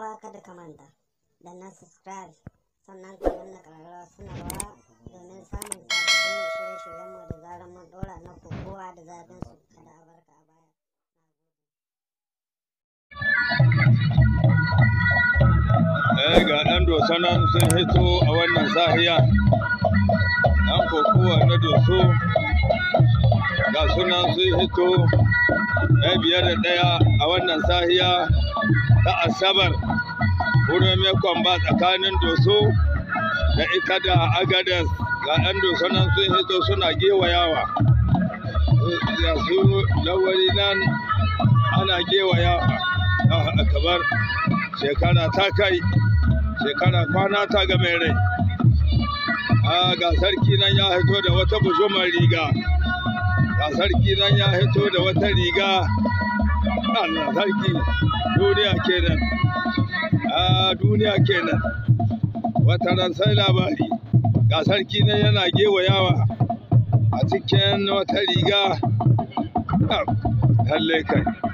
uwa kada ka manta da na subscribe sannan ka danna ƙararrawa sanarwa domin samun sabbin shirye-shiryenmu da zarar mun na kowa da zafin su kada a a baya. Eh ga ɗan dosa nan sun hito a wannan sahiya kokowa na doso ga sunan sun hito na biyar da ɗaya a wannan sahiya ta asabar wurin kwamba tsakanin doso da ita da agadas ga 'yan doso nan sun hito suna gewayawa da su lawari nan ana gewayawa a ah, akabar shekara ta kai shekara kwana ta ga mai rai a ah, ga sarki nan ya hito da wata bujumar riga sarki nan ya hito da wata riga Allah sarki duniya kenan a ah, duniya kenan wata ran sai labari ga sarki nan yana gewayawa a cikin wata riga ah, lallai kai